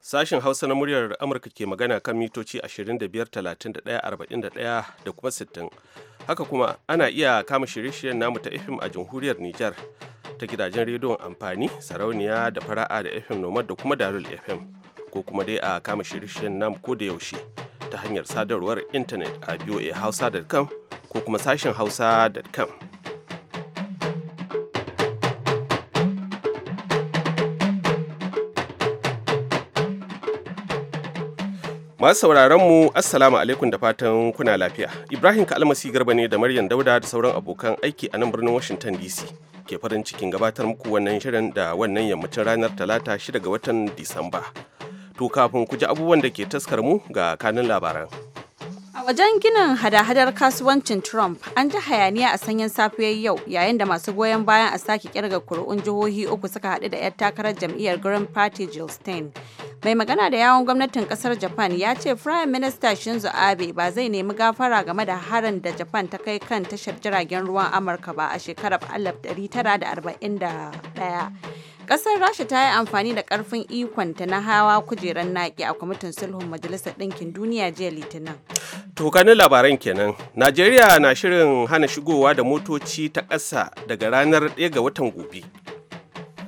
Sashen Hausa na muryar Amurka ke magana kan mitoci 25,31,41 da kuma 60. Haka kuma ana iya kama shirye-shiryen namu ta FM a jamhuriyar Nijar ta gidajen rediyon amfani, sarauniya da fara'a da FM Nomad da kuma Darul FM ko kuma dai a kama shirye-shiryen namu ko da yaushe ta hanyar sadarwar intanet a voahausa.com ko kuma sashen hausa.com. Masu sauraron mu Assalamu alaikum da fatan kuna lafiya. Ibrahim Kalmasi Garba ne da Maryam Dauda da sauran abokan aiki a nan birnin Washington DC. Ke farin cikin gabatar muku wannan shirin da wannan yammacin ranar Talata 6 ga watan Disamba. To kafin ku ji abubuwan da ke taskar mu ga kanin labaran. A wajen ginin hada-hadar kasuwancin Trump, an ji hayaniya a sanyin safiyar yau yayin da masu goyon bayan a sake kirga kuri'un jihohi uku suka haɗu da 'yar takarar jam'iyyar Green Party Jill Stein. Mai magana da yawon gwamnatin kasar Japan ya ce Prime Minister Shinzo Abe ba zai nemi gafara game da harin da Japan ta kai kan tashar jiragen ruwan Amurka ba a shekarar 1941. Ƙasar Rasha ta yi amfani da ƙarfin ikonta na hawa kujerar naƙi a kwamitin sulhun Majalisar Ɗinkin Duniya jiya Litinin. To kanin labaran kenan. Najeriya na shirin hana shigowa da motoci ta ƙasa daga ranar ɗaya ga watan gobe.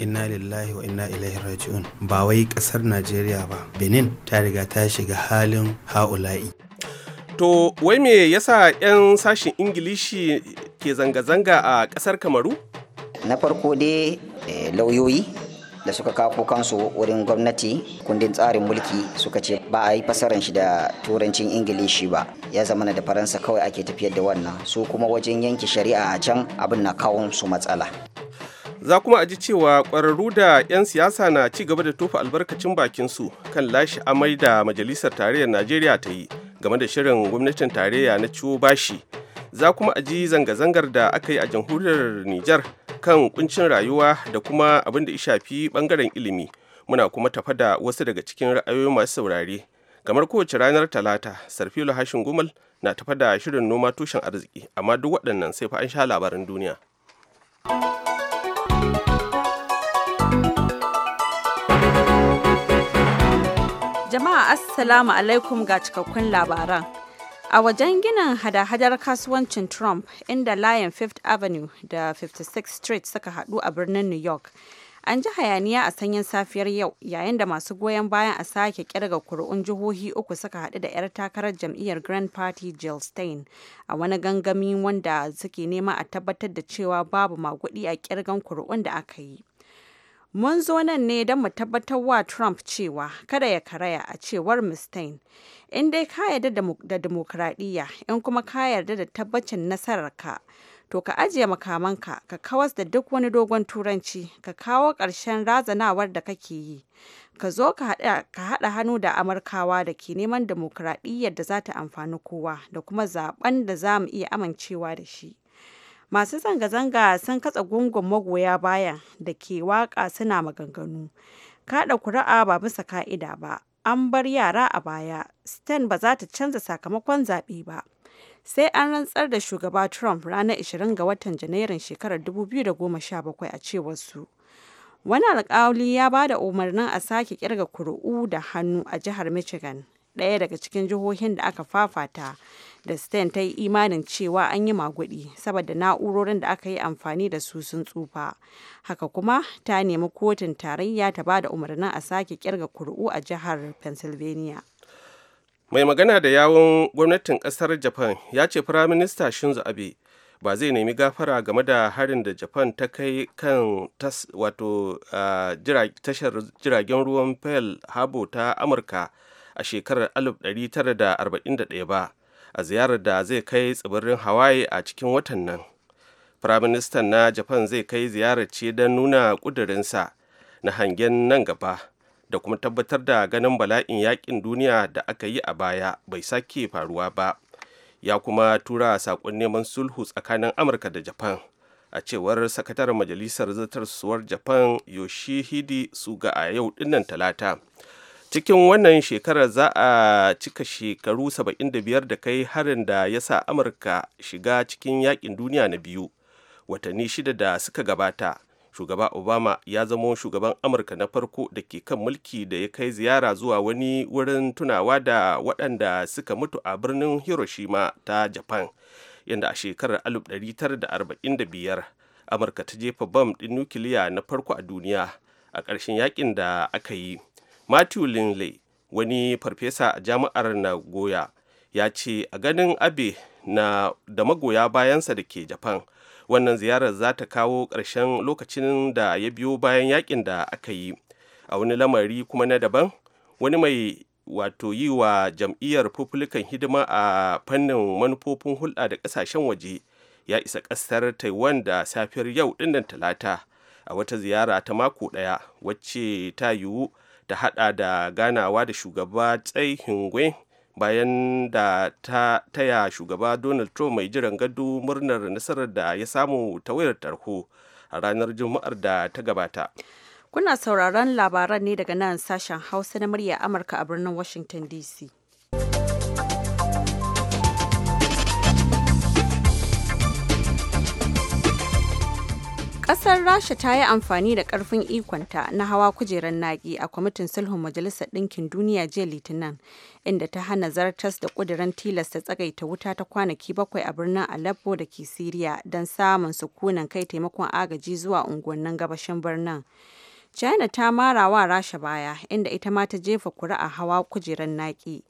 inna lillahi wa inna ilaihi raji'un ba wai kasar najeriya ba benin ta riga ta shiga halin ha'ula'i to wai me yasa 'yan sashin ingilishi ke zanga-zanga a ƙasar kamaru na farko dai Eh, lauyoyi da suka kawo kansu wurin gwamnati kundin tsarin mulki suka ce ba a yi fasaran shi da turancin ingilishi ba ya zamana da faransa kawai ake tafiyar da wannan su kuma wajen yanke shari'a a can abin na kawon su matsala za kuma a ji cewa ƙwararru da 'yan siyasa na ci gaba da tofa albarkacin bakin su kan lashe amai da majalisar tarayyar najeriya ta yi game da shirin gwamnatin tarayya na ciwo bashi za kuma a ji zanga-zangar da aka yi a jamhuriyar nijar kan kuncin rayuwa da kuma abin da shafi bangaren ilimi muna kuma tafa da wasu daga cikin ra'ayoyi masu saurare kamar kowace ranar talata sarfilo hashin gumal na tafa da shirin noma tushen arziki amma duk waɗannan sai fa an sha labaran duniya jama'a assalamu alaikum ga cikakkun labaran A wajen ginin hada-hadar kasuwancin Trump, inda Lion Fifth Avenue da 56th Street suka haɗu a birnin New York, an ji hayaniya a sanyin safiyar yau yayin da masu goyon bayan a sake kirga kuri'un jihohi uku suka haɗu da 'yar takarar jam'iyyar grand party jill stein a wani gangami wanda suke nema a tabbatar da cewa babu maguɗi a kirgan kuri'un da aka yi Mun zo nan ne don mu tabbatar wa Trump cewa kada ya karaya a cewar Mustaine. In dai ka yarda da demokradiyya, in kuma ka yarda da tabbacin nasarar ka to ka ajiye makamanka, ka kawas da duk wani dogon turanci, ka kawo ƙarshen razanawar da kake yi. Ka zo ka haɗa hannu da Amurkawa da ke neman demokradiyyar da za ta amfani kowa da kuma zaben da za mu iya amincewa da shi. masu zanga-zanga sun katsa gungun magoya baya da ke waka suna maganganu kada kuri'a ba bisa ka'ida ba an bar yara a baya stan ba za ta canza sakamakon zaɓe ba sai an rantsar da shugaba trump ranar 20 ga watan janairun shekarar 2017 a cewar su wani alkawali ya ba da umarnin a sake kirga kuri'u da hannu a jihar michigan ɗaya daga cikin jihohin da aka fafata da Stein ta yi imanin cewa an yi magudi saboda na'urorin da aka yi amfani da su sun tsufa. Haka kuma ta nemi kotun tarayya ta ba da umarnin a sake kirga kuri'u a jihar Pennsylvania. Mai magana da yawon gwamnatin kasar Japan ya ce Firaminista Shinzo Abe ba zai nemi gafara game da harin da Japan ta kai kan wato tashar jiragen ruwan Pearl Harbor ta Amurka a shekarar 1941 ba. a ziyarar da zai kai tsibirin hawaii a cikin watan nan firaministan na japan zai kai ziyarar ce don nuna ƙudurinsa na hangen nan gaba da kuma tabbatar da ganin bala'in yakin duniya da aka yi a baya bai sake faruwa ba ya kuma tura saƙon neman sulhu tsakanin amurka da japan a cewar sakataren majalisar zartarsuwar japan yoshihide suga a yau dinnan talata cikin wannan shekarar za a cika shekaru 75 da kai harin da ya sa amurka shiga cikin yakin duniya na biyu watanni shida da suka gabata shugaba obama ya zamo shugaban amurka na farko da ke kan mulki da ya kai ziyara zuwa wani wurin tunawa da waɗanda suka mutu a birnin hiroshima ta japan yadda a shekarar 1945 amurka ta jefa bam ɗin nukiliya na farko a duniya a ƙarshen yakin da aka yi matthew linley wani farfesa a jami'ar nagoya ya ce a ganin abe na da magoya bayansa da ke japan wannan ziyarar za ta kawo ƙarshen lokacin da ya biyo bayan yakin da aka yi a wani lamari kuma na daban wani mai wato yi wa jam'iyyar republican hidima a fannin manufofin hulɗa da ƙasashen waje ya isa ƙasar taiwan da safiyar yau ɗinnan talata a wata ziyara ta mako ɗaya wacce ta yiwu ta hada da ganawa da shugaba tsai hingwe bayan da ta taya shugaba donald trump mai jiran gado murnar nasarar da ya samu ta wayar tarho a ranar juma'ar da ta gabata kuna sauraron labaran ne daga nan sashen hausa na murya amurka a birnin washington dc kasar Rasha ta yi amfani da ƙarfin ikonta na hawa kujerar naƙi a kwamitin sulhun Majalisar Ɗinkin Duniya jiya Litinin, inda ta hana zartas da ƙudurin tilasta tsagaita wuta ta kwanaki bakwai a birnin Aleppo da ke Siriya don samun sukunan kai taimakon agaji zuwa unguwannin gabashin birnin. China ta mara wa Rasha baya, inda ita ma ta jefa kuri'a hawa kujerar naƙi.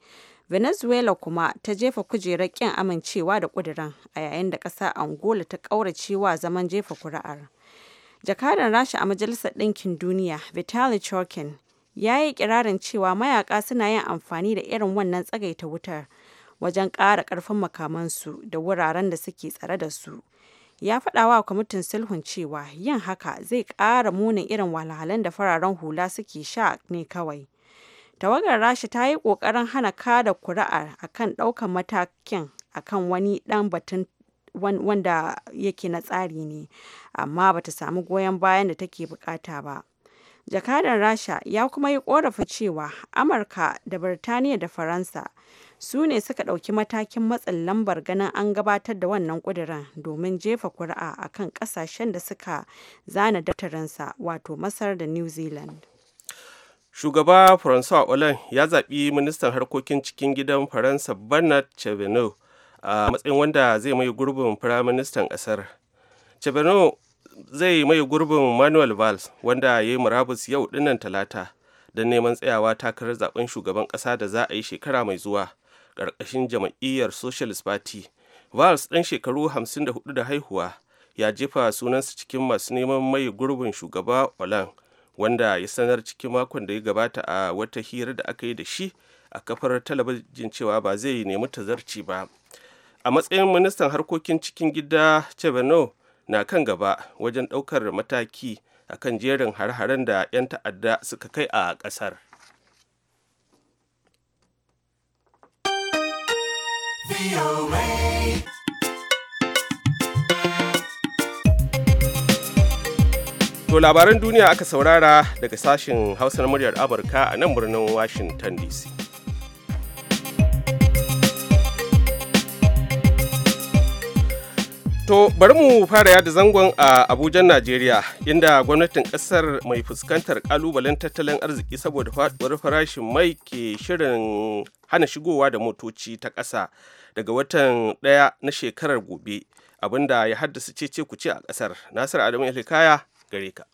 venezuela kuma ta jefa kujerar kin amincewa da kudirin a yayin da ƙasar angola ta ƙaurace zaman jefa kuri'ar Jakadan Rasha a Majalisar Ɗinkin Duniya, Vitaly chokin ya yi kirarin cewa mayaka suna yin amfani da irin wannan tsagaita wutar wajen ƙara ƙarfin makamansu da wuraren da suke tsare da su. Ya faɗa wa kwamitin sulhun cewa yin haka zai ƙara munin irin wahalhalun da fararen hula suke sha ne kawai. Tawagar Rasha ta yi ƙoƙarin hana kada kuri'ar akan ɗaukan matakin akan wani ɗan batun wanda yake na tsari ne amma bata samu goyon bayan da take bukata ba jakadan rasha ya kuma yi korafa cewa amurka da birtaniya da faransa su ne suka ɗauki matakin matsin lambar ganin an gabatar da wannan ƙudurin domin jefa kuri'a a kan ƙasashen da suka zana daftarinsa wato masar da new zealand shugaba francois hollande ya zaɓi ministan harkokin cikin gidan faransa bernard chevenot a matsayin wanda zai mai gurbin firaministan ƙasar cebano zai mai gurbin manuel valls wanda ya yi murabus yau dinnan talata don neman tsayawa takarar zaben shugaban ƙasa da za a yi shekara mai zuwa ƙarƙashin jam'iyyar socialist party valls ɗan shekaru 54 da haihuwa ya jefa sunansa cikin masu neman mai gurbin shugaba olan wanda ya sanar cikin makon da ya gabata a wata hira da aka yi da shi a kafar talabijin cewa ba zai nemi tazarci ba a matsayin ministan harkokin cikin gida cebano na kan gaba wajen ɗaukar mataki a kan jerin har-haren da 'yan ta'adda suka kai a ƙasar To labaran duniya aka saurara daga sashen Hausa na muryar Amurka a nan birnin Washington DC. To bari mu fara yada zangon a Abuja, Najeriya, inda gwamnatin ƙasar mai fuskantar ƙalubalen tattalin arziki saboda faɗuwar farashin mai ke shirin hana shigowa da motoci ta ƙasa daga watan ɗaya na shekarar gobe, abinda ya haddasa cece kuce a ƙasar. Nasir Adamu Ilhikaya gare ka.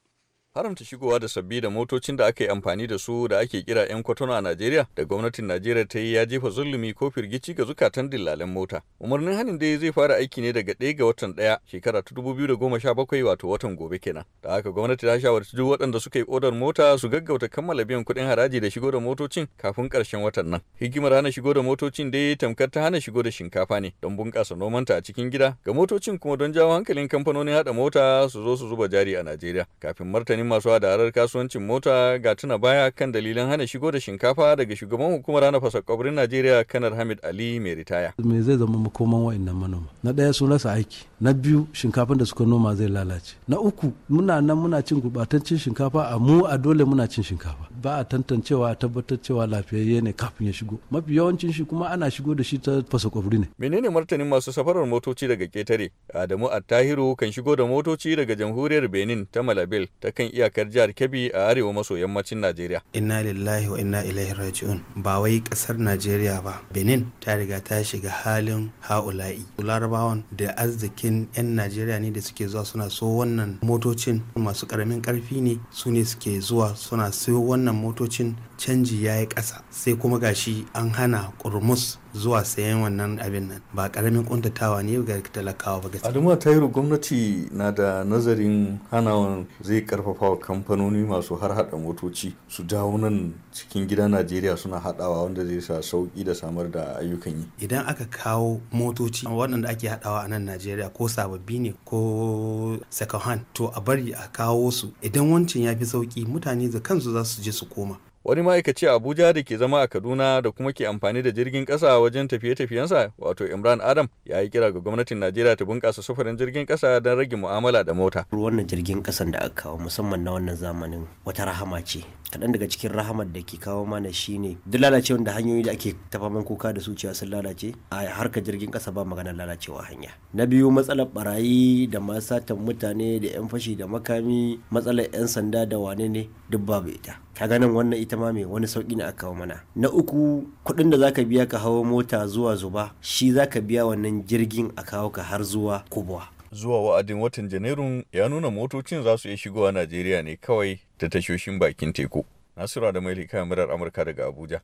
haramta shigowa da sabbi da motocin da aka yi amfani da su da ake kira 'yan kwatano a Najeriya da gwamnatin Najeriya ta yi ya jefa zulumi ko firgici ga zukatan dillalen mota. Umarnin hanin dai zai fara aiki ne daga 1 ga watan ɗaya shekara ta dubu biyu da goma sha bakwai wato watan gobe kenan. Da haka gwamnati ta shawarci duk waɗanda suka yi odar mota su gaggauta kammala biyan kuɗin haraji da shigo da motocin kafin ƙarshen watan nan. Hikimar hana shigo da motocin dai tamkar ta hana shigo da shinkafa ne don bunƙasa nomanta a cikin gida ga motocin kuma don jawo hankalin kamfanonin haɗa mota su zo su zuba jari a Najeriya kafin martani tsakanin masu hadarar kasuwancin mota ga tuna baya kan dalilin hana shigo da shinkafa daga shugaban hukumar hana fasa kwabrin najeriya kanar hamid ali mai ritaya me zai zama makoman wa'annan manoma na ɗaya sun rasa aiki na biyu shinkafan da suka noma zai lalace na uku muna nan muna cin gurɓatancin shinkafa a mu a dole muna cin shinkafa ba a tantancewa a tabbatar cewa lafiyayye ne kafin ya shigo mafi yawancin shi kuma ana shigo da shi ta fasa kwafuri ne menene martanin masu safarar motoci daga ketare adamu al-tahiru kan shigo da motoci daga jamhuriyar benin ta malabel ta kan iyakar jihar kebbi a arewa maso yammacin najeriya inna lillahi wa inna ilaihi raji'un ba wai kasar najeriya ba benin ta riga ta shiga halin haula'i larabawan da arzikin 'yan najeriya ne da suke zuwa suna so wannan motocin masu karamin karfi ne su ne suke zuwa suna so wannan motocin canji ya yi ƙasa sai kuma gashi an hana ƙurmus zuwa sayan wannan abin nan ba karamin kuntatawa ne ga talakawa ba gaskiya Adamu Tayiru gwamnati na da nazarin hanawan zai karfafa wa kamfanoni masu har hada motoci su dawo nan cikin gida Najeriya suna hadawa wanda zai sa sauki da samar da ayyukan yi idan aka kawo motoci waɗanda ake hadawa a nan Najeriya ko sababbi ne ko second hand to a bari a kawo su idan wancan ya fi sauki mutane da kansu za su je su koma Wani ma'aikaci a Abuja da ke zama a Kaduna da kuma ke amfani da jirgin kasa wajen tafiye-tafiyensa wato Imran Adam ya yi kira ga gwamnatin Najeriya ta bunƙasa sufurin jirgin kasa don rage mu'amala da mota. Wannan jirgin ƙasan da aka kawo musamman na wannan zamanin wata rahama ce. Kaɗan daga cikin rahamar da ke kawo mana shine duk lalacewar da hanyoyi da ake tafaman kuka da su cewa sun lalace a harkar jirgin kasa ba magana lalacewa hanya. Na biyu matsalar barayi da masatan mutane da 'yan fashi da makami matsalar 'yan sanda da wane ne duk babu ita. ka nan wannan ita ita ma mai wani sauki ne a kawo mana na uku kuɗin da zaka biya ka hawo mota zuwa zuba shi zaka biya wannan jirgin a kawo ka har zuwa kubwa zuwa wa'adin watan janairun ya nuna motocin za su iya shigowa najeriya ne kawai da tashoshin bakin teku nasura da mai kamarar amurka daga abuja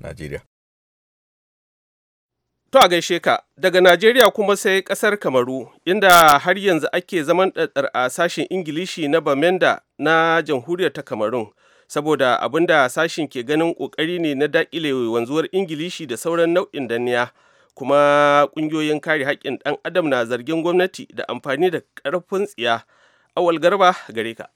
najeriya To a gaishe ka, daga Najeriya kuma sai kasar Kamaru, inda har yanzu ake zaman ɗaɗɗar a sashen Ingilishi na Bamenda na jamhuriyar ta Kamarun, saboda abin da sashin ke ganin ƙoƙari ne na dakile wanzuwar ingilishi da sauran nau'in danniya kuma ƙungiyoyin kare haƙƙin ɗan adam na zargin gwamnati da amfani da ƙarfin tsiya awal garba gare ka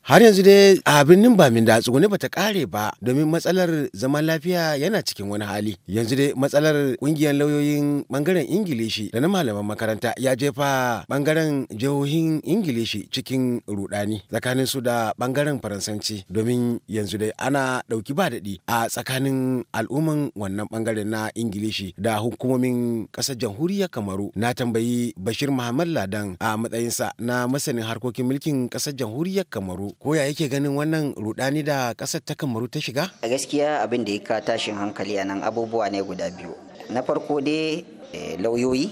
har yanzu dai a birnin min da ne bata kare ba domin matsalar zaman lafiya yana cikin wani hali yanzu dai matsalar kungiyar lauyoyin bangaren ingilishi da na malaman makaranta ya jefa bangaren jihohin ingilishi cikin rudani tsakanin su da bangaren faransanci domin yanzu dai ana dauki ba daɗi a tsakanin al'umman wannan bangaren na ingilishi da hukumomin ƙasar jamhuriyar kamaru na tambayi bashir muhammad ladan a matsayinsa na masanin harkokin mulkin ƙasar jamhuriyar kamaru ko ya yake ganin wannan rudani da kasar ta kamaru ta shiga a gaskiya abin da ya ka tashin hankali a nan abubuwa ne guda biyu na farko dai eh, lauyoyi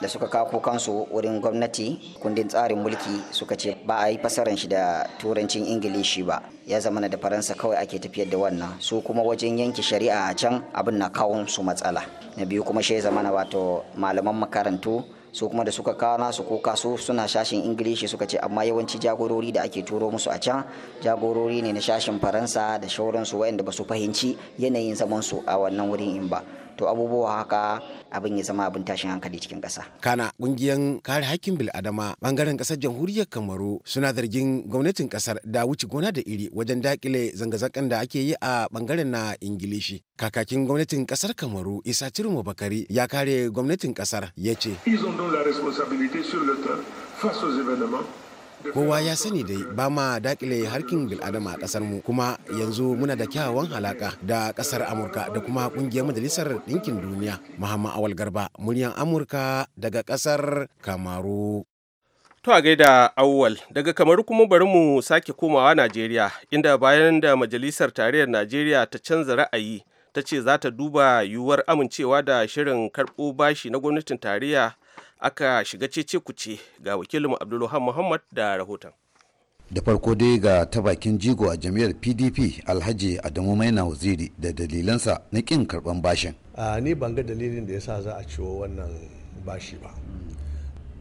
da suka kako kansu wurin gwamnati kundin tsarin mulki suka ce ba a yi fasaran shi da turancin ingilishi ba ya zama da faransa kawai ake tafiyar da wannan su kuma wajen yanke shari'a a can abin na kawon su matsala na biyu kuma shi zamana wato malaman makarantu su kuma da suka kawo nasu kuka su suna shashin ingilishi suka ce amma yawanci jagorori da ake turo musu a can jagorori ne na shashin faransa da shauransu wayanda ba su fahimci yanayin zaman su a wannan wurin in ba to abubuwa haka abin ya zama abin tashin hankali cikin ƙasa. kana ƙungiyar kare hakkin bil'adama bangaren ƙasar jamhuriyar kamaru suna zargin gwamnatin ƙasar da wuce gona da iri wajen dakile zanga-zangan da ake yi a bangaren na ingilishi kakakin gwamnatin ƙasar kamaru isa Turmo bakari ya kare gwamnatin ƙasar ya ce. ils ont donc la responsabilité sur le terrain face aux événements kowa ya sani dai ba ma dakile harkin bil'adama a kasar mu kuma yanzu muna da kyawawan halaka da kasar amurka da kuma kungiyar majalisar ɗinkin duniya muhammad awal garba muryan amurka daga kasar kamaru To a gaida awwal daga kamaru kuma bari mu sake komawa Najeriya inda bayan da Majalisar Tarayyar Najeriya ta canza ra'ayi ta ce za ta duba yiwuwar amincewa da shirin karɓo bashi na gwamnatin tarayya aka shiga cece kuce ga wakilin abdulluhan muhammad da rahoton da farko dai ga ta bakin jigo a jam'iyyar pdp alhaji adamu maina waziri da dalilansa na kin karban bashin a ni ban ga dalilin da ya sa za a ciwo wannan bashi ba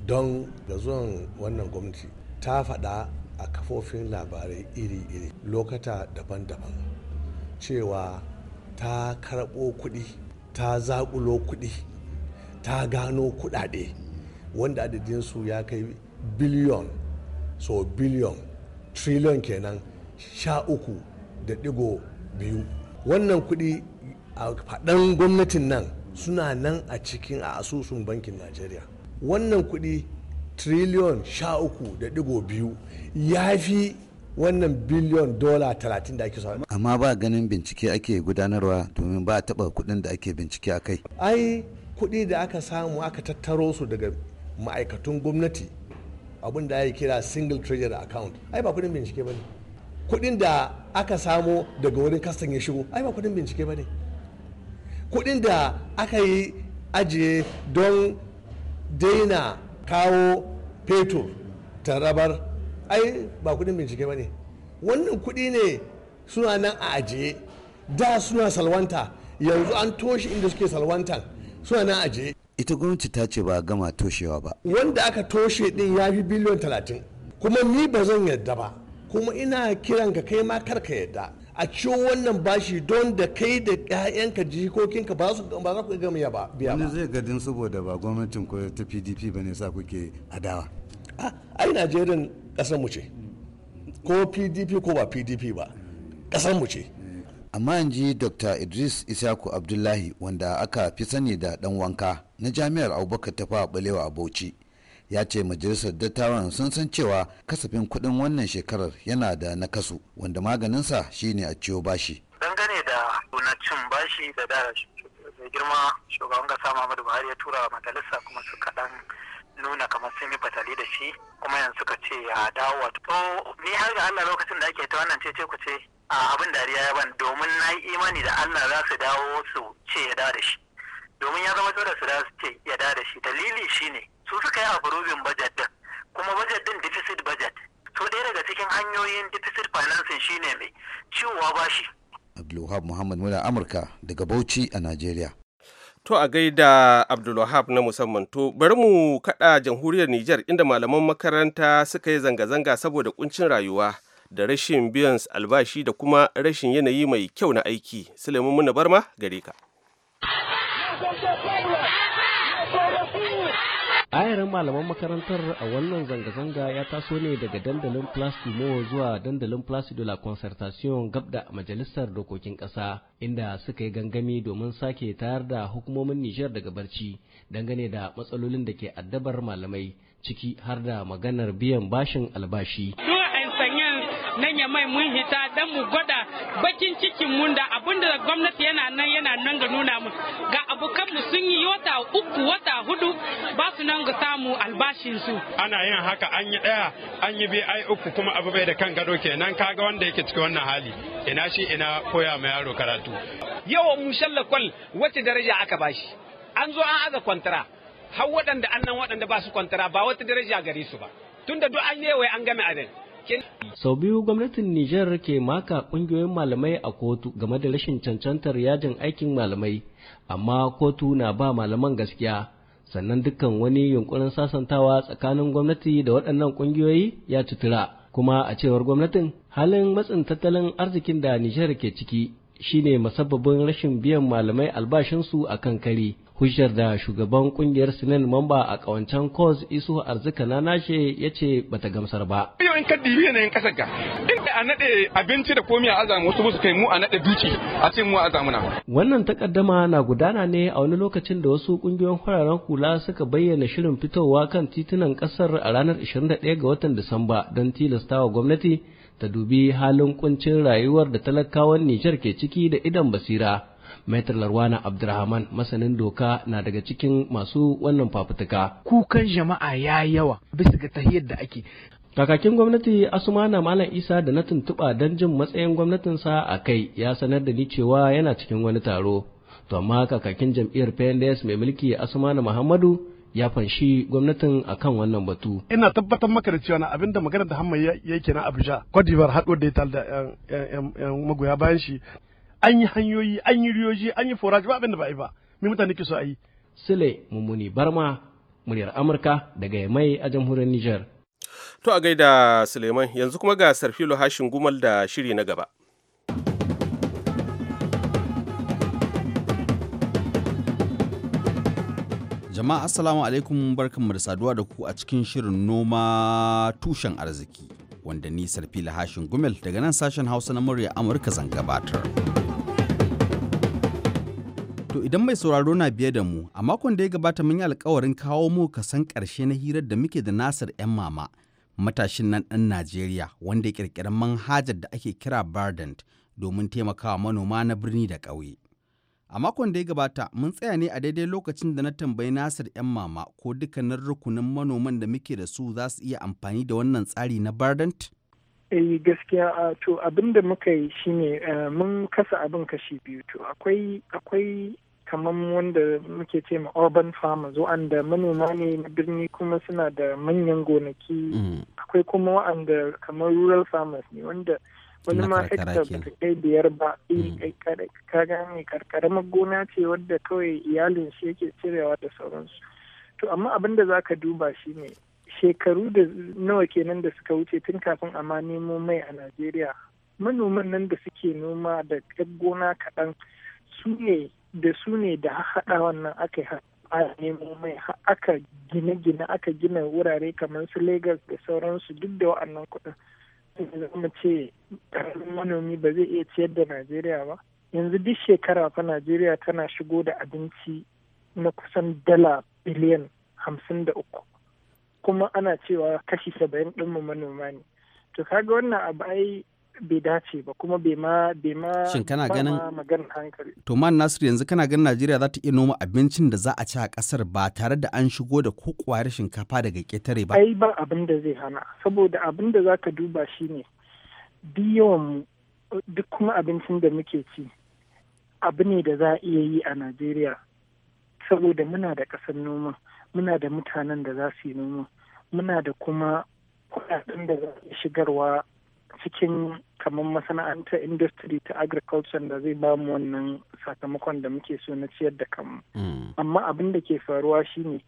don da zuwan wannan gwamnati ta faɗa a kafofin labarai iri-iri lokata daban-daban cewa ta karɓo kuɗi ta zaƙulo kuɗi ta gano kuɗaɗe wanda adadinsu ya kai biliyon so biliyon trillion kenan sha uku da digo biyu wannan kudi a faɗan gwamnatin nan suna nan a cikin a asusun bankin najeriya wannan kudi trillion sha uku da digo biyu ya fi wannan biliyon dola talatin da ake samu. amma ba ganin bincike ake gudanarwa domin ba a taɓa kuɗin da ake bincike a kai ai kuɗi da aka samu aka tattaro su daga ma'aikatun gwamnati abin da ya kira single treasury account ai ba kudin bincike ba ne kudin da aka samo daga wurin kastan ya shigo ai ba kudin bincike ba ne kudin da aka yi ajiye don daina kawo fetur rabar. ai ba kudin bincike ba ne wannan kudi ne suna nan a ajiye da suna salwanta yanzu an toshe inda suke salwantan suna nan ajiye ita gwamnati ta ce ba gama toshewa ba wanda aka toshe din ya fi biliyon talatin kuma ni ba zan yadda ba kuma ina kiran ka kai ma kar ka yadda a ciwo wannan bashi don da kai da 'ya'yanka jikokinka ba za ku gama ya ba biya ba wani zai gadin saboda ba gwamnatin ko ta pdp ba ne sa kuke adawa ai najeriya kasar mu ce ko pdp ko ba pdp ba kasar mu ce amma in ji dr idris isaku abdullahi wanda aka fi sani da dan wanka na jami'ar abubakar ta fawa balewa a bauchi ya ce majalisar dattawan sun san cewa kasafin kudin wannan shekarar yana da nakasu wanda maganinsa shine a ciwo bashi dangane da na cin bashi da da girma shugaban kasa muhammadu buhari ya tura wa majalisa kuma suka dan nuna kamar sun yi fatali da shi kuma yanzu suka ce ya dawo wato ni har ga allah lokacin da ake ta wannan ce ce ku ce A abin dariya ya ban domin na yi imani da Allah za su dawo su ce ya da shi domin ya zama dole su da su ce ya da shi dalili shine su suka yi approving budget din kuma budget din deficit budget so ɗaya daga cikin hanyoyin deficit financing shine mai ciwowa bashi Abdulwahab Muhammad muna Amurka daga Bauchi a Najeriya To a gaida Abdulwahab na musamman to bari mu kaɗa jamhuriyar Nijar inda malaman makaranta suka yi zanga-zanga saboda kuncin rayuwa. da rashin biyan albashi da kuma rashin yanayi mai kyau na aiki sulaiman muna barma gare ka ayarin malaman makarantar a wannan zanga-zanga ya taso ne daga dandalin place zuwa dandalin place de la concertation gab majalisar dokokin ƙasa inda suka yi gangami domin sake tayar da hukumomin nijar daga barci dangane da matsalolin da ke addabar malamai ciki har da maganar biyan bashin albashi nan ya mai mun hita dan mu gwada bakin cikin mun da abinda gwamnati yana nan yana nan ga nuna mu ga abokan mu sun yi wata uku wata hudu ba su nan ga samu albashin su ana yin haka an yi daya an yi bi ai uku kuma abu bai da kan gado kenan kaga wanda yake cikin wannan hali ina shi ina koya ma yaro karatu yawa mu kwal wace daraja aka bashi an zo an aza kwantara har waɗanda annan waɗanda ba su kwantara ba wata daraja gare su ba tunda duk an yi wai an game adan Sau biyu gwamnatin Nijar ke maka ƙungiyoyin malamai a kotu game da rashin cancantar yajin aikin malamai, amma kotu na ba malaman gaskiya. Sannan dukkan wani yunkurin sasantawa tsakanin gwamnati da waɗannan ƙungiyoyi ya cutura. Kuma a cewar gwamnatin, halin matsin tattalin arzikin da Nijar ke ciki shine masababin rashin biyan malamai albashinsu a kan kari. hujjar da shugaban kungiyar sinin mamba a kawancan KOS isu arzika na nashe ya ce bata gamsar ba yau in biyu na yin kasar ga. inda a nade abinci da komi a azamu wasu musu kai mu a nade duci a ce mu a na. wannan takaddama na gudana ne a wani lokacin da wasu kungiyoyin fararen hula suka bayyana shirin fitowa kan titunan kasar a ranar 21 ga watan Disamba don tilastawa gwamnati ta dubi halin kuncin rayuwar da talakawan Nijar ke ciki da idan basira. Maitar Larwana Abdurrahman masanin doka na daga cikin masu wannan fafutuka. Kukan jama'a ya yawa bisa ga tahiyar da ake. Kakakin gwamnati Asumana Malam Isa da na tuntuɓa don jin matsayin gwamnatinsa a kai ya sanar da ni cewa yana cikin wani taro. To amma kakakin jam'iyyar PNDS mai mulki Asumana Muhammadu ya fanshi gwamnatin akan wannan batu. Ina tabbatar maka da cewa na abinda maganar da Hamma yake na Abuja, Kwadibar haɗo da ya da magoya bayan shi an yi hanyoyi an yi riyoji an yi foraji ba abin da ba yi ba me mutane ke so a yi sile mummuni barma muryar amurka daga mai a jamhuriyar niger to a gaida suleiman yanzu kuma ga sarfilo hashin gumal da shiri na gaba jama'a assalamu alaikum barkanmu da saduwa da ku a cikin shirin noma tushen arziki wanda ni sarfila hashin gumel daga nan sashen hausa na murya amurka zan gabatar. To idan mai sauraro na biye da mu, a makon da ya gabata mun yi alkawarin kawo mu kasan ƙarshe na hirar da muke da nasar 'yan mama, matashin nan ɗan Najeriya wanda ya ƙirƙiri manhajar da ake kira bardent domin taimakawa manoma na birni da ƙauye. A makon da ya gabata mun tsaya ne a daidai lokacin da na tambayi nasar 'yan mama ko dukkanin rukunin manoman da muke da su za su iya amfani da wannan tsari na bardent. eh gaskiya to abin da muka yi shine eh, mun kasa abin kashi biyu to akwai akwai kamar wanda muke ce ma urban farmers wa'anda manoma ne na birni kuma suna da manyan gonaki mm. akwai kuma wa'anda kamar rural farmers ne wanda wani ma hektar ba ta kai biyar ba eh, mm. ka gane karkaramar gona ce wadda kawai iyalin shi yake cirewa da sauransu to amma abin da zaka duba shi ne shekaru da nawa kenan da suka wuce tun kafin a ma nemo mai a najeriya manoman nan da suke noma da gona kaɗan su ne da su ne da haɗa wannan aka nemo mai aka gine-gine aka gina wurare kamar su Legas da sauransu duk da wa'annan kuɗin. Zama ce ƙaramin manomi ba zai iya ciyar da Najeriya ba. Yanzu duk shekara fa Najeriya tana shigo da abinci na kusan dala biliyan hamsin da uku. Kuma ana cewa kashi saba'in ɗinmu manoma ne. To kaga wannan abu ai bai dace ba kuma bai ma bai ma shin kana ganin to man nasir yanzu kana ganin najeriya za ta iya noma abincin da za a ci a kasar ba tare da an shigo da ko kwayar shinkafa daga ketare ba ai ba abin da zai hana saboda abin da zaka duba shine duk yawan duk kuma abincin da muke ci abu ne da za a iya yi a najeriya saboda muna da kasar noma muna da mutanen da za su yi noma muna da kuma kuɗaɗen da za su shigarwa cikin kamar masana'anta industry ta agriculture da zai ba mu wannan sakamakon da muke so na ciyar da kanmu hmm. amma abin da ke faruwa shine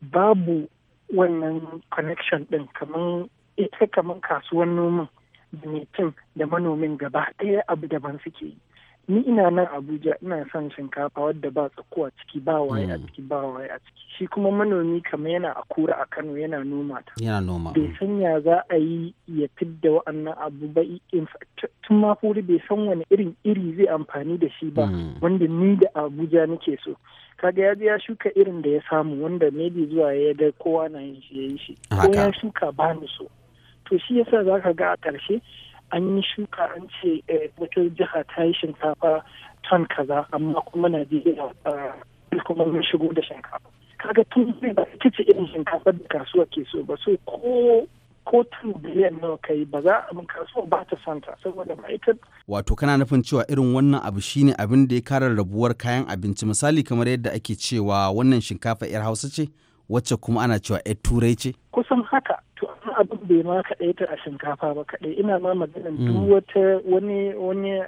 babu wannan connection din kamar ita kamar kasuwar noman da da manomin gaba ɗaya abu daban suke yi ni ina nan abuja ina son shinkafa wadda ba tsako a ciki ba waye a mm. ciki ba waye a ciki shi kuma manomi kamar yana a kura a kano yana noma ta yana noma bai san ya za a yi ya fidda wa'annan abu ba tun ma furi bai san wani irin iri zai amfani da shi ba mm. wanda ni da abuja nake so kaga ya je ya shuka irin da ya samu wanda maybe zuwa ya ga kowa na yin shi ya yi shi ko ya shuka ba ni so to shi yasa zaka ga a ƙarshe an yi shuka an ce eh, wata jiha ta yi shinkafa ton kaza amma kuma najeriya eh, kuma mun shigo da shinkafa kaga tun zai ba ita ce irin shinkafar da kasuwa ke so ba so ko ko tun biliyan nawa ka yi ba za a mun kasuwa ba ta santa saboda ma'aikata. Wato kana nufin cewa irin wannan abu shine abin da ya kara rabuwar kayan abinci misali kamar yadda ake cewa wannan shinkafa 'yar Hausa ce? wacce kuma ana cewa yar turai ce? Kusan haka, to amma abin bai ma kaɗai ta a shinkafa ba kaɗai ina ma maganin duk mm. wata wani wani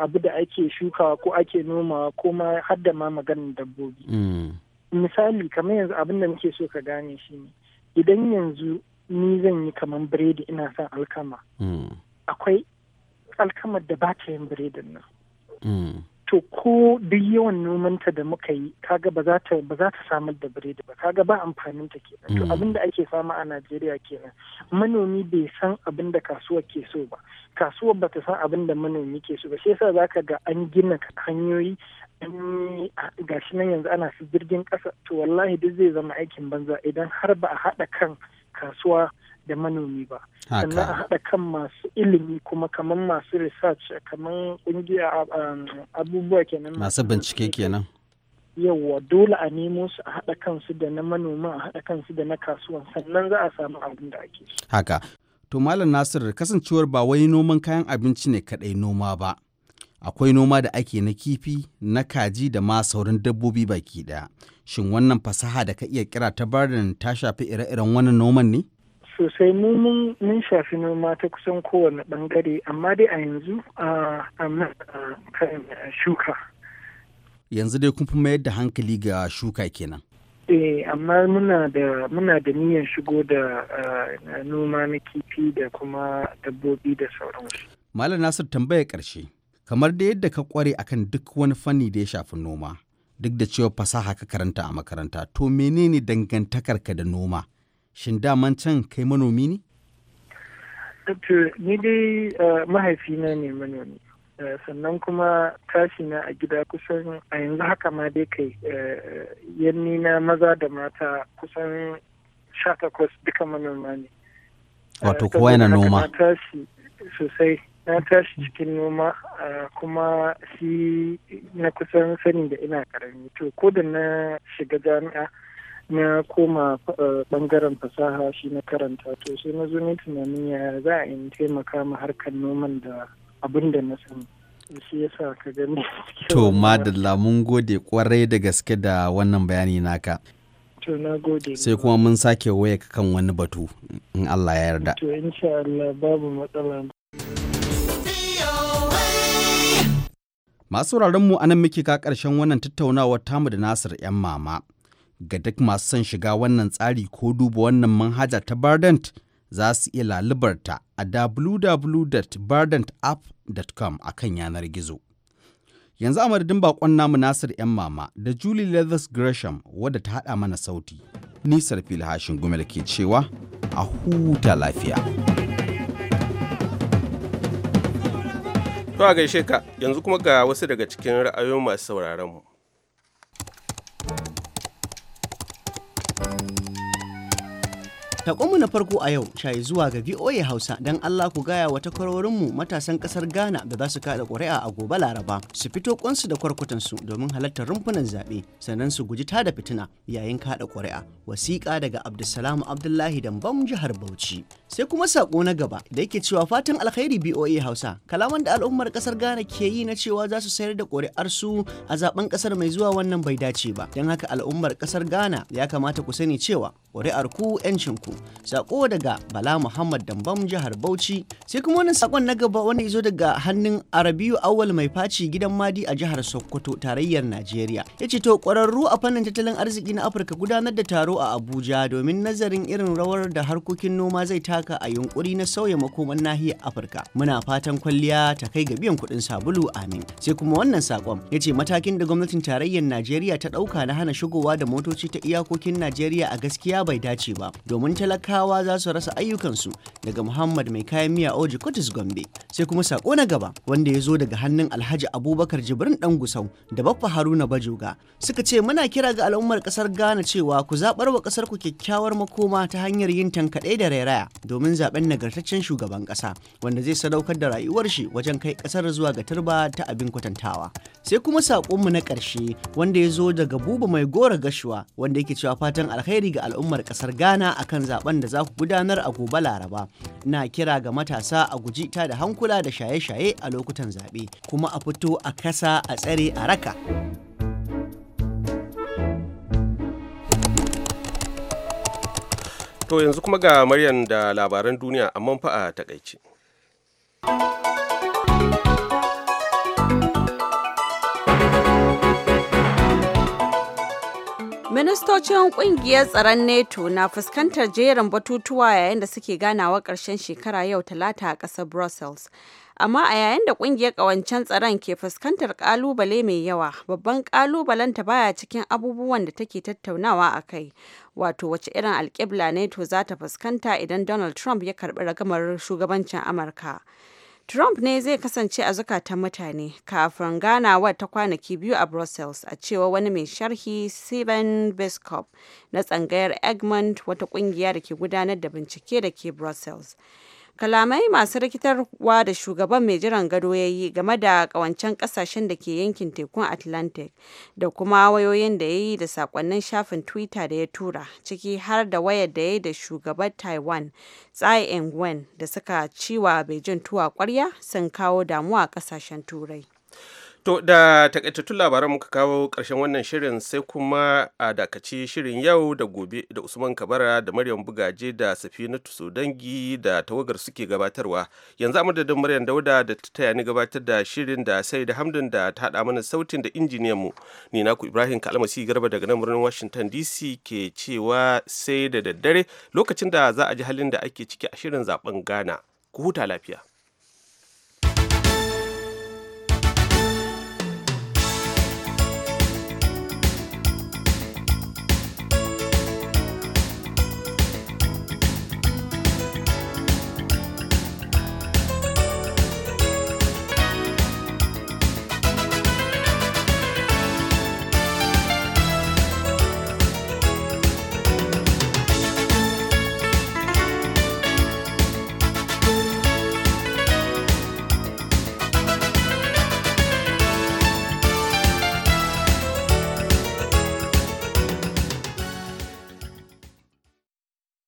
abu da ake shukawa ko ake nomawa ko ma har da ma maganin dabbobi. Mm. Misali kamar yanzu abin da muke so ka gane shi ne idan yanzu ni zan yi kamar biredi ina son alkama. Mm. Akwai alkamar da ba ta yin biredin nan. to ko duk yawan nomanta da muka yi kaga ba za ta ba za ta samar da biredi ba kaga ba amfanin ta kenan to mm. abin da ake samu a Najeriya kenan manomi bai san abin da kasuwa ke so ba kasuwa ba ta san abin da manomi ke so ba sai yasa zaka ga an gina hanyoyi ga shi nan yanzu ana su jirgin kasa to wallahi duk zai zama aikin banza idan har ba a haɗa kan kasuwa da manomi ba sannan a haɗa kan masu ilimi kuma kamar masu research kamar ƙungiya um, abubuwa kenan masu bincike kenan yawwa dole a nemo su a haɗa kansu da na manoma a haɗa kansu da na kasuwan sannan za a samu abin da ake haka to malam nasir kasancewar ba wai noman kayan abinci ne kaɗai noma ba akwai noma da ake na kifi na kaji da ma sauran dabbobi baki ɗaya shin wannan fasaha da ka iya kira ta barin ta shafi ire-iren wannan noman ne sosai mu mun shafi noma ta kusan kowane bangare amma dai a yanzu a kan shuka yanzu dai kun fi mayar da hankali ga shuka kenan eh amma muna da niyyar shigo da noma na kifi da kuma dabbobi da sauransu malam nasir tambaya karshe kamar da yadda ka kware akan duk wani fanni da ya shafi noma duk da cewa fasaha ka karanta a makaranta to menene dangantakarka da noma shin daman can kai manomi ne? to ni dai eh, mahaifina ne manomi eh, sannan kuma tashi na a gida kusan a yanzu haka ma dai kai eh, yanni na maza da mata kusan sha takwas duka manoma ne wato kowa yana noma tashi sosai na tashi cikin noma kuma shi na kusan sani da ina karami to ko da na shiga jami'a na koma eh, bangaren fasaha shi na karanta to sai na zo ne tunanin ya za a in taimaka ma harkar noman da abin da na sani shi sa ka gani to madalla mun gode kwarai da gaske da wannan bayani naka to na gode sai kuma mun sake waya kan wani batu in Allah ya yarda to insha Allah babu matsala Masu mu anan muke ka ƙarshen wannan tattaunawa tamu da Nasir 'yan mama. ga duk masu son shiga wannan tsari ko duba wannan manhaja ta Bardant za su iya lalubarta a www.bardentapp.com a kan yanar gizo. Yanzu a madadin bakon namu Nasir 'yan mama da Julie Leathers Gresham wadda ta haɗa mana sauti. Nisar filhashin gumel ke cewa a huta lafiya. To a gaishe ka yanzu kuma ga wasu daga cikin ra'ayoyin masu sauraron mu. Taƙonmu na farko a yau shayi zuwa ga VOA Hausa don Allah ku gaya wa takwarorinmu matasan ƙasar Ghana da za su kada ƙuri'a a gobe Laraba su fito ƙunsu da kwarkutansu domin halartar rumfunan zaɓe sannan su guji tada fitina yayin kaɗa ƙuri'a. Wasiƙa daga Abdulsalam Abdullahi Dambam jihar Bauchi. sai kuma sako na gaba da yake cewa fatan alkhairi BOA Hausa kalaman da al'ummar kasar Ghana ke yi na cewa za su sayar da ƙuri'ar su a zaben kasar mai zuwa wannan bai dace ba don haka al'ummar kasar Ghana ya kamata ku sani cewa ƙuri'ar ku yancin ku sako daga Bala Muhammad Dambam jihar Bauchi sai kuma wannan sakon na gaba wanda izo daga hannun Arabiyu Awal mai faci gidan Madi a jihar Sokoto tarayyar Najeriya yace to ƙwararru a fannin tattalin arziki na Afirka gudanar da taro a Abuja domin nazarin irin rawar da harkokin noma zai taka haka a yunkuri na sauya makoman nahiyar Afirka. Muna fatan kwalliya ta kai ga biyan kuɗin sabulu amin. Sai kuma wannan sakon ya ce matakin da gwamnatin tarayyar Najeriya ta ɗauka na hana shigowa da motoci ta iyakokin Najeriya a gaskiya bai dace ba domin talakawa za su rasa ayyukansu daga Muhammad mai kayan miya Oji Kotis Gombe. Sai kuma sako na gaba wanda ya zo daga hannun Alhaji Abubakar Jibrin Dan Gusau da Baffa Haruna Bajoga suka ce muna kira ga al'ummar ƙasar Ghana cewa ku zaɓar wa kasar ku kyakkyawar makoma ta hanyar yin tankaɗe da rairaya domin zaben nagartaccen shugaban ƙasa wanda zai sadaukar da rayuwar shi wajen kai ƙasar zuwa ga turba ta abin kwatantawa. Sai kuma saƙonmu na ƙarshe wanda ya zo daga buba mai gora gashuwa wanda yake cewa fatan alheri ga al'ummar ƙasar Ghana akan zaben da za ku gudanar a gobe Laraba. Na kira ga matasa a guji ta da hankula da shaye-shaye a lokutan zaɓe kuma a fito a kasa a tsare a raka. To yanzu kuma ga Maryam da labaran duniya amma fa a takaice. Ministocin kungiyar tsaron NATO na fuskantar jerin batutuwa yayin da suke ganawa ƙarshen shekara yau talata a ƙasar Brussels. Amma a yayin da kungiyar ƙawancen tsaron ke fuskantar ƙalubale mai yawa, babban ƙalubalenta baya cikin abubuwan da take tattaunawa a kai. Wato wace irin alƙibla to za ta fuskanta idan Donald Trump ya karbi ragamar shugabancin Amurka. Trump ne zai kasance a zukatan mutane kafin ganawar ta kwanaki biyu a Brussels a cewa wani mai sharhi Steven Biskop na tsangayar Egmont wata kungiya da ke gudanar da bincike da ke Brussels. kalamai masu rikitarwa da shugaban mai jiran gado ya yi game da kawancen kasashen da ke yankin tekun atlantic da kuma wayoyin da ya yi da sakonnin shafin twitter da ya tura ciki har da wayar da ya yi da shugaban taiwan tsai wen da suka ciwa beijing tuwa kwarya sun kawo damuwa kasashen turai To da takaitattun labaran muka kawo ƙarshen wannan shirin sai kuma a dakaci shirin yau da gobe da Usman Kabara da Maryam Bugaje da Safinatu Sodangi da tawagar suke gabatarwa. Yanzu a madadin Maryam Dauda da ta taya ni gabatar da shirin da sai da Hamdun da ta haɗa mana sautin da injiniyan mu. Ni ku Ibrahim Kalmasi Garba daga nan birnin Washington DC ke cewa sai da daddare lokacin da za a ji halin da ake ciki a shirin zaben Ghana. Ku huta lafiya.